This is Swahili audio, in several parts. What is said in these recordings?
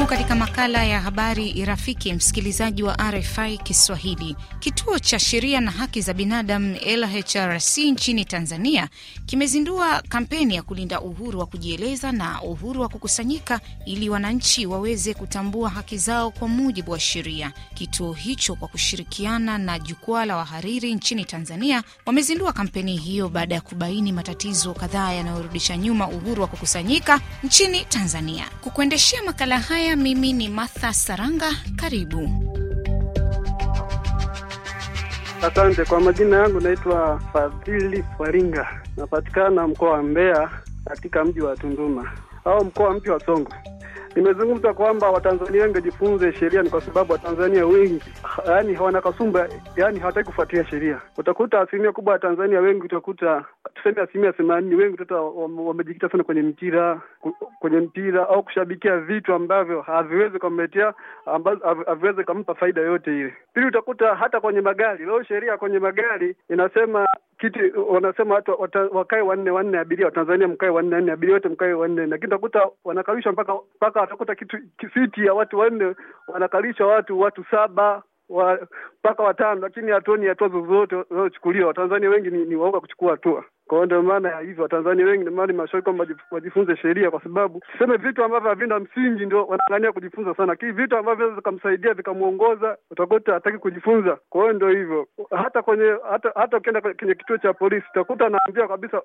Karibu katika makala ya habari rafiki, msikilizaji wa RFI Kiswahili. Kituo cha sheria na haki za binadamu LHRC nchini Tanzania kimezindua kampeni ya kulinda uhuru wa kujieleza na uhuru wa kukusanyika ili wananchi waweze kutambua haki zao kwa mujibu wa sheria. Kituo hicho kwa kushirikiana na jukwaa la wahariri nchini Tanzania wamezindua kampeni hiyo baada ya kubaini matatizo kadhaa yanayorudisha nyuma uhuru wa kukusanyika nchini Tanzania. Kukuendeshea makala haya haya. Mimi ni Martha Saranga, karibu. Asante. Kwa majina yangu naitwa Fadhili Faringa, napatikana mkoa wa Mbeya katika mji wa Tunduma au mkoa mpya wa Songwe. Nimezungumza kwamba Watanzania wengi wajifunze sheria, ni kwa sababu Watanzania wengi yani hawana kasumba, yani hawataki kufuatilia sheria. Utakuta asilimia kubwa ya tanzania wengi utakuta tuseme asilimia themanini, wengi tota wamejikita sana kwenye mpira, kwenye mpira au kushabikia vitu ambavyo haviwezi kumletea, haviwezi kumpa faida yote ile. Pili, utakuta hata kwenye magari leo, sheria kwenye magari inasema kiti, wanasema watu wakae wanne wanne abiria wa Tanzania, mkae wanne wanne abiria wote mkae wanne, lakini utakuta wanakalishwa mpaka mpaka watakuta kitu siti ya watu wanne wanakalisha watu watu saba mpaka wa, watano, lakini hatuoni hatua zozote zinazochukuliwa. Watanzania wengi ni, ni waoga kuchukua hatua. Kwa hiyo ndio maana ya hivyo, Watanzania wengi ndio maana nimewashauri kwamba wajifunze sheria, kwa sababu tuseme vitu ambavyo havina msingi ndio wanang'ania kujifunza sana, lakini vitu ambavyo vikamsaidia vikamwongoza utakuta hataki kujifunza. Kwa hiyo ndio hivyo, hata kwenye hata hata ukienda kwenye kituo cha polisi utakuta anaambia kabisa,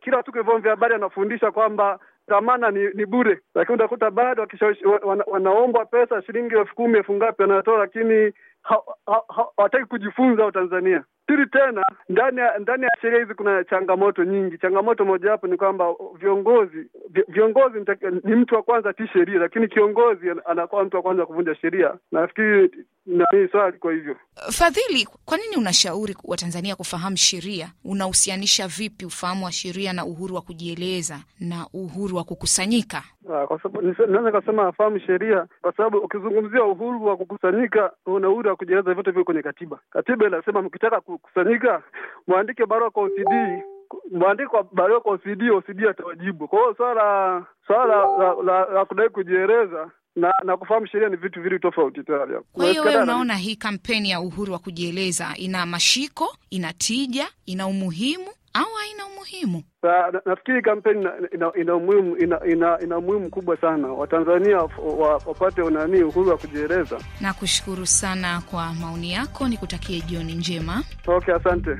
kila tu vyombo vya habari anafundisha kwamba dhamana ni, ni bure, lakini utakuta bado wakishawishi, wanaombwa pesa shilingi elfu kumi elfu ngapi wanatoa, lakini hawataki kujifunza Watanzania. Pili tena, ndani ya ndani ya sheria hizi kuna changamoto nyingi. Changamoto mojawapo ni kwamba viongozi viongozi ni mtu wa kwanza ti sheria, lakini kiongozi anakuwa mtu wa kwanza kuvunja sheria. Nafikiri nanii swali. Kwa hivyo, Fadhili, kwa nini unashauri Watanzania kufahamu sheria? Unahusianisha vipi ufahamu wa sheria na uhuru wa kujieleza na uhuru wa kukusanyika? Ah, naweza kasema afahamu sheria kwa sababu ukizungumzia uhuru wa kukusanyika una uhuru kujieleza vyote vio kwenye katiba. Katiba inasema mkitaka kukusanyika mwandike barua kwa OCD, mwandike barua kwa OCD, OCD atawajibu. Kwa hiyo swala swala la, la, la kudai kujieleza na, na kufahamu sheria ni vitu viwili tofauti tayari. Kwa hiyo wewe unaona hii kampeni ya uhuru wa kujieleza ina mashiko, ina tija, ina umuhimu au haina umuhimu? Nafikiri kampeni ina umuhimu, ina, ina, ina umuhimu mkubwa sana, Watanzania wapate nani uhuru wa kujieleza. Nakushukuru sana kwa maoni yako, nikutakie jioni njema. Okay, asante.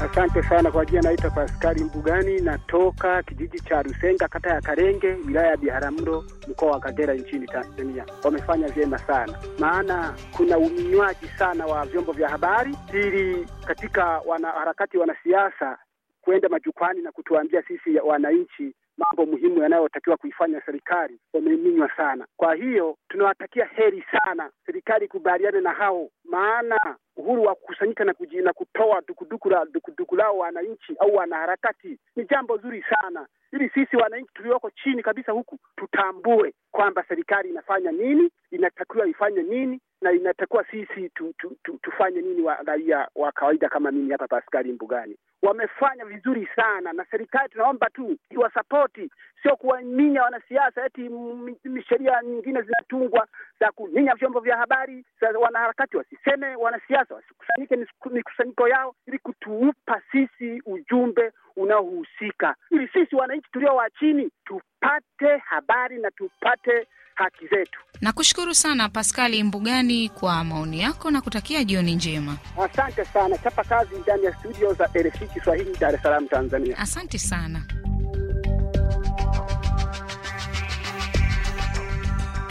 Asante sana kwa jina, naitwa Paskari Mbugani, natoka kijiji cha Rusenga, kata ya Karenge, wilaya ya Biharamulo, mkoa wa Kagera, nchini Tanzania. Wamefanya vyema sana, maana kuna uminywaji sana wa vyombo vya habari ili katika wanaharakati, wanasiasa kwenda majukwani na kutuambia sisi wananchi mambo muhimu yanayotakiwa kuifanya serikali wameminywa sana. Kwa hiyo tunawatakia heri sana, serikali ikubaliane na hao, maana uhuru wa kukusanyika na kujina kutoa dukuduku la dukuduku lao wananchi au wanaharakati ni jambo zuri sana, ili sisi wananchi tulioko chini kabisa huku tutambue kwamba serikali inafanya nini, inatakiwa ifanye nini na inatakiwa sisi tu, tu, tu, tufanye nini, raia wa, wa kawaida kama mimi hapa Paskari Mbugani wamefanya vizuri sana, na serikali tunaomba tu iwasapoti, sio kuwaminya wanasiasa eti sheria nyingine zinatungwa za kuminya vyombo vya habari. Wanaharakati wasiseme, wanasiasa wasikusanyike mikusanyiko yao, ili kutuupa sisi ujumbe unaohusika, ili sisi wananchi tulio wa chini tupate habari na tupate haki zetu. Nakushukuru sana Paskali Mbugani kwa maoni yako na kutakia jioni njema. Asante sana, chapa kazi ndani ya studio za RFI Kiswahili, Dar es Salaam, Tanzania. Asante sana.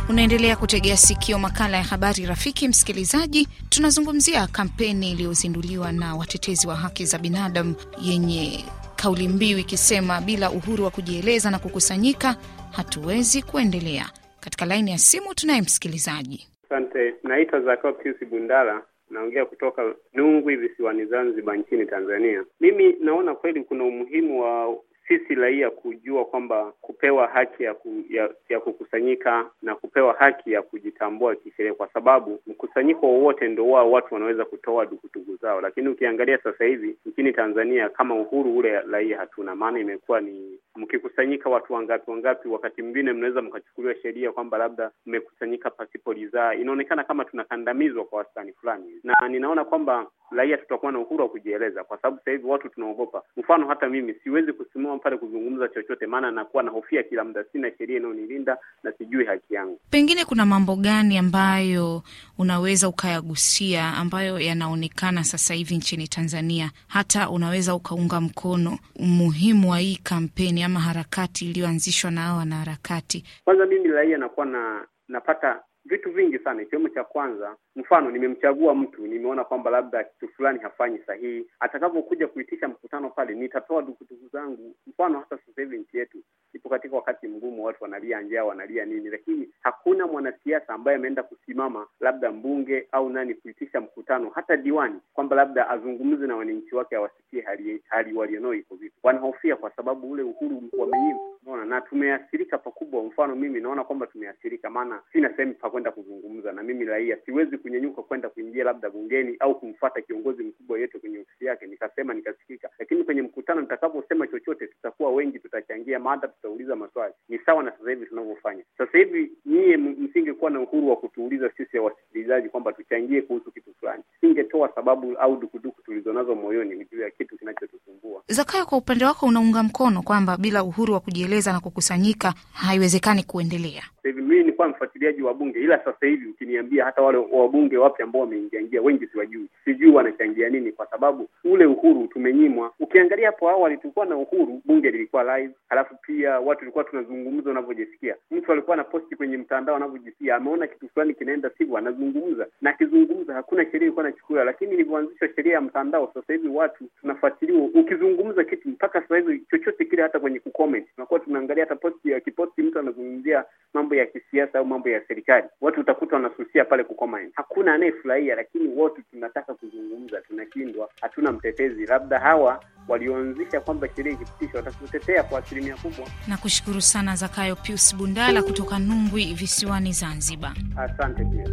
Unaendelea kutegea sikio makala ya habari rafiki. Msikilizaji, tunazungumzia kampeni iliyozinduliwa na watetezi wa haki za binadamu yenye kauli mbiu ikisema bila uhuru wa kujieleza na kukusanyika hatuwezi kuendelea. Katika laini ya simu tunaye msikilizaji. Asante, naitwa Zakopiusi Bundala, naongea kutoka Nungwi visiwani Zanzibar nchini Tanzania. Mimi naona kweli kuna umuhimu wa sisi raia kujua kwamba kupewa haki ya, ku, ya, ya kukusanyika na kupewa haki ya kujitambua kisheria, kwa sababu mkusanyiko wowote ndo wao watu wanaweza kutoa dukuduku zao, lakini ukiangalia sasa hivi nchini Tanzania kama uhuru ule raia hatuna, maana imekuwa ni mkikusanyika watu wangapi wangapi, wakati mwingine mnaweza mkachukuliwa sheria kwamba labda mmekusanyika pasipo ridhaa. Inaonekana kama tunakandamizwa kwa wastani fulani, na ninaona kwamba raia tutakuwa na uhuru wa kujieleza, kwa sababu sasa hivi watu tunaogopa. Mfano, hata mimi siwezi kusimama pale kuzungumza chochote, maana nakuwa na hofia kila muda, sina sheria inayonilinda na sijui haki yangu. Pengine kuna mambo gani ambayo unaweza ukayagusia ambayo yanaonekana sasa hivi nchini Tanzania, hata unaweza ukaunga mkono umuhimu wa hii kampeni ama harakati iliyoanzishwa na hao wanaharakati? Kwanza mimi raia nakuwa na napata vitu vingi sana, ikiwemo cha kwanza, mfano nimemchagua mtu, nimeona kwamba labda kitu fulani hafanyi sahihi, atakavyokuja kuitisha mkutano pale nitatoa dukuduku zangu. Mfano hata sasa hivi nchi yetu ipo katika wakati mgumu, watu wanalia njaa, wanalia nini, lakini hakuna mwanasiasa ambaye ameenda kusimama labda mbunge au nani kuitisha mkutano hata diwani, kwamba labda azungumze na wananchi wake, awasikie hali hali walionao iko vipi. Wanahofia kwa sababu ule uhuru wamenyima Unaona, na tumeathirika pakubwa. Mfano mimi naona kwamba tumeathirika, maana sina sehemu pa kwenda kuzungumza, na mimi raia siwezi kunyanyuka kwenda kuingia labda bungeni au kumfata kiongozi mkubwa yeyote kwenye ofisi yake nikasema nikasikika. Lakini kwenye mkutano nitakaposema chochote, tutakuwa wengi, tutachangia mada, tutauliza maswali, ni sawa na sasa hivi tunavyofanya. Sasa hivi nyie msingekuwa na uhuru wa kutuuliza sisi ya wasikilizaji kwamba tuchangie kuhusu kitu fulani, singetoa sababu au dukuduku tulizonazo moyoni juu ya kitu kinachotusumbua. Zakayo, kwa upande wako unaunga mkono kwamba bila uhuru wa kujieleza kujieleza na kukusanyika haiwezekani kuendelea sasa hivi. Mimi nilikuwa mfuatiliaji wa bunge, ila sasa hivi ukiniambia hata wale wabunge wapya ambao wameingiaingia, wengi siwajui, sijui wanachangia nini, kwa sababu ule uhuru tumenyimwa. Ukiangalia hapo awali tulikuwa na uhuru, bunge lilikuwa live, halafu pia watu tulikuwa tunazungumza unavyojisikia. Mtu alikuwa na posti kwenye mtandao anavyojisikia, ameona kitu fulani kinaenda sivyo, anazungumza na akizungumza, hakuna sheria ilikuwa nachukuliwa, Lakini ilivyoanzishwa sheria ya mtandao, sasa hivi watu tunafuatiliwa, ukizungumza kitu mpaka sasa hivi chochote kile, hata kwenye kucomment tunakuwa tunaangalia, hata posti kiposti mtu anazungumzia mambo ya kisiasa au mambo ya serikali, watu utakuta wanasusia pale kukoma Hakuna anayefurahia, lakini wote tunataka kuzungumza, tunashindwa, hatuna mtetezi. Labda hawa walioanzisha kwamba sheria ikipitishwa watatutetea kwa asilimia kubwa. Nakushukuru sana Zakayo Pius Bundala kutoka Nungwi visiwani Zanzibar. Asante pia.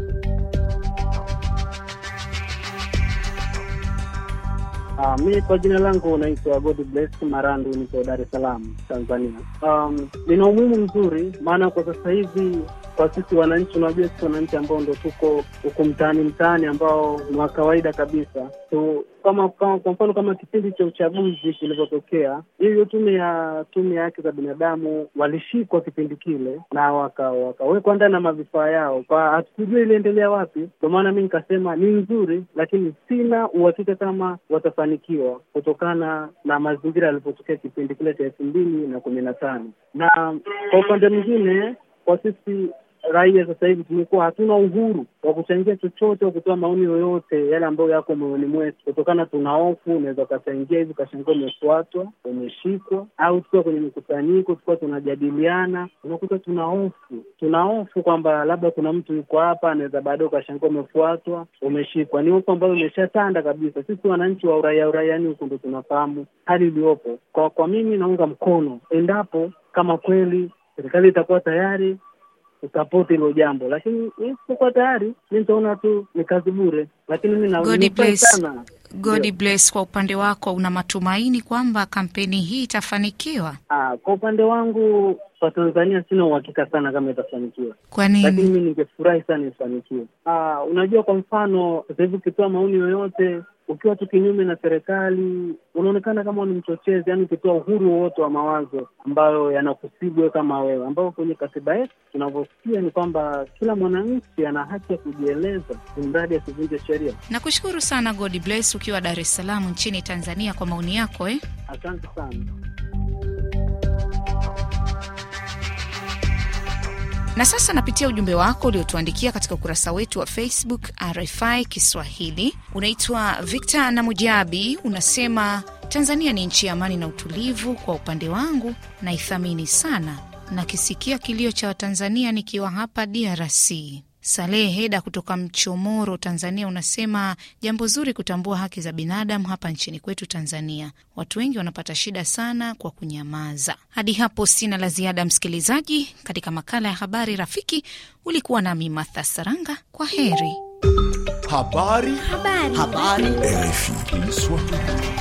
Ah, mi kwa jina langu naitwa Godbless Marandu, niko Dar es Salaam, Tanzania. Um, nina umuhimu mzuri, maana kwa sasa hivi kwa sisi wananchi, unajua sisi wananchi ambao ndo tuko huku mtaani mtaani, ambao ni wa kawaida kabisa so, kama kwa mfano kama kipindi cha uchaguzi kilivyotokea, hiyo tume ya tume ya haki za binadamu walishikwa kipindi kile na wakawekwa waka ndani na mavifaa yao, hatukujua iliendelea wapi. ndo maana mi nikasema ni nzuri, lakini sina uhakika kama watafanikiwa kutokana na mazingira yalivyotokea kipindi kile cha elfu mbili na kumi na tano na kwa upande mwingine kwa sisi raia sasa hivi tumekuwa hatuna uhuru wa kuchangia chochote, wa kutoa maoni yoyote yale ambayo yako moyoni mwetu, kutokana tuna hofu. Unaweza ukachangia hivi ukashangia umefuatwa, umeshikwa, au tukiwa kwenye mikusanyiko, tukiwa tunajadiliana, unakuta tuna hofu, tuna hofu kwamba labda kuna mtu yuko hapa, anaweza baadaye ukashangia umefuatwa, umeshikwa. Ni hofu ambayo imeshatanda kabisa. Sisi wananchi wa uraia uraiani huku ndo tunafahamu hali iliyopo. Kwa, kwa mimi naunga mkono endapo kama kweli serikali itakuwa tayari kusapoti hilo jambo, lakini isipokuwa tayari mi nitaona tu ni kazi bure, lakini mi sana God bless. Kwa upande wako una matumaini kwamba kampeni hii itafanikiwa? Ah, kwa upande wangu kwa Tanzania sina uhakika sana kama itafanikiwa. Kwa nini? Lakini mi ningefurahi sana ifanikiwe. Ah, unajua kwa mfano sasa hivi ukitoa maoni yoyote ukiwa tu kinyume na serikali unaonekana kama ni mchochezi, yani ukitoa uhuru wowote wa mawazo ambayo yanakusigwe kama wewe, ambayo kwenye katiba yetu tunavyosikia ni kwamba kila mwananchi ana haki ya kujieleza, mradi asivunje sheria. Nakushukuru sana God Bless, ukiwa Dar es Salaam nchini Tanzania, kwa maoni yako eh. Asante sana. Na sasa napitia ujumbe wako uliotuandikia katika ukurasa wetu wa Facebook RFI Kiswahili. Unaitwa vikta na Mujabi, unasema Tanzania ni nchi ya amani na utulivu. Kwa upande wangu naithamini sana, nakisikia kilio cha Watanzania nikiwa hapa DRC. Salehe Heda kutoka Mchomoro, Tanzania, unasema jambo zuri kutambua haki za binadamu hapa nchini kwetu Tanzania. Watu wengi wanapata shida sana kwa kunyamaza. Hadi hapo sina la ziada, msikilizaji. Katika makala ya habari rafiki, ulikuwa nami Matha Saranga. Kwa heri. Habari. Habari. Habari.